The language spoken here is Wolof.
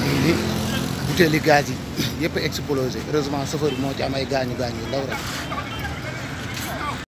lii nii butéeli gaz yi yëpp explosé heureusement chauffeur moo ci am ay gaañu gaañu yu ndaw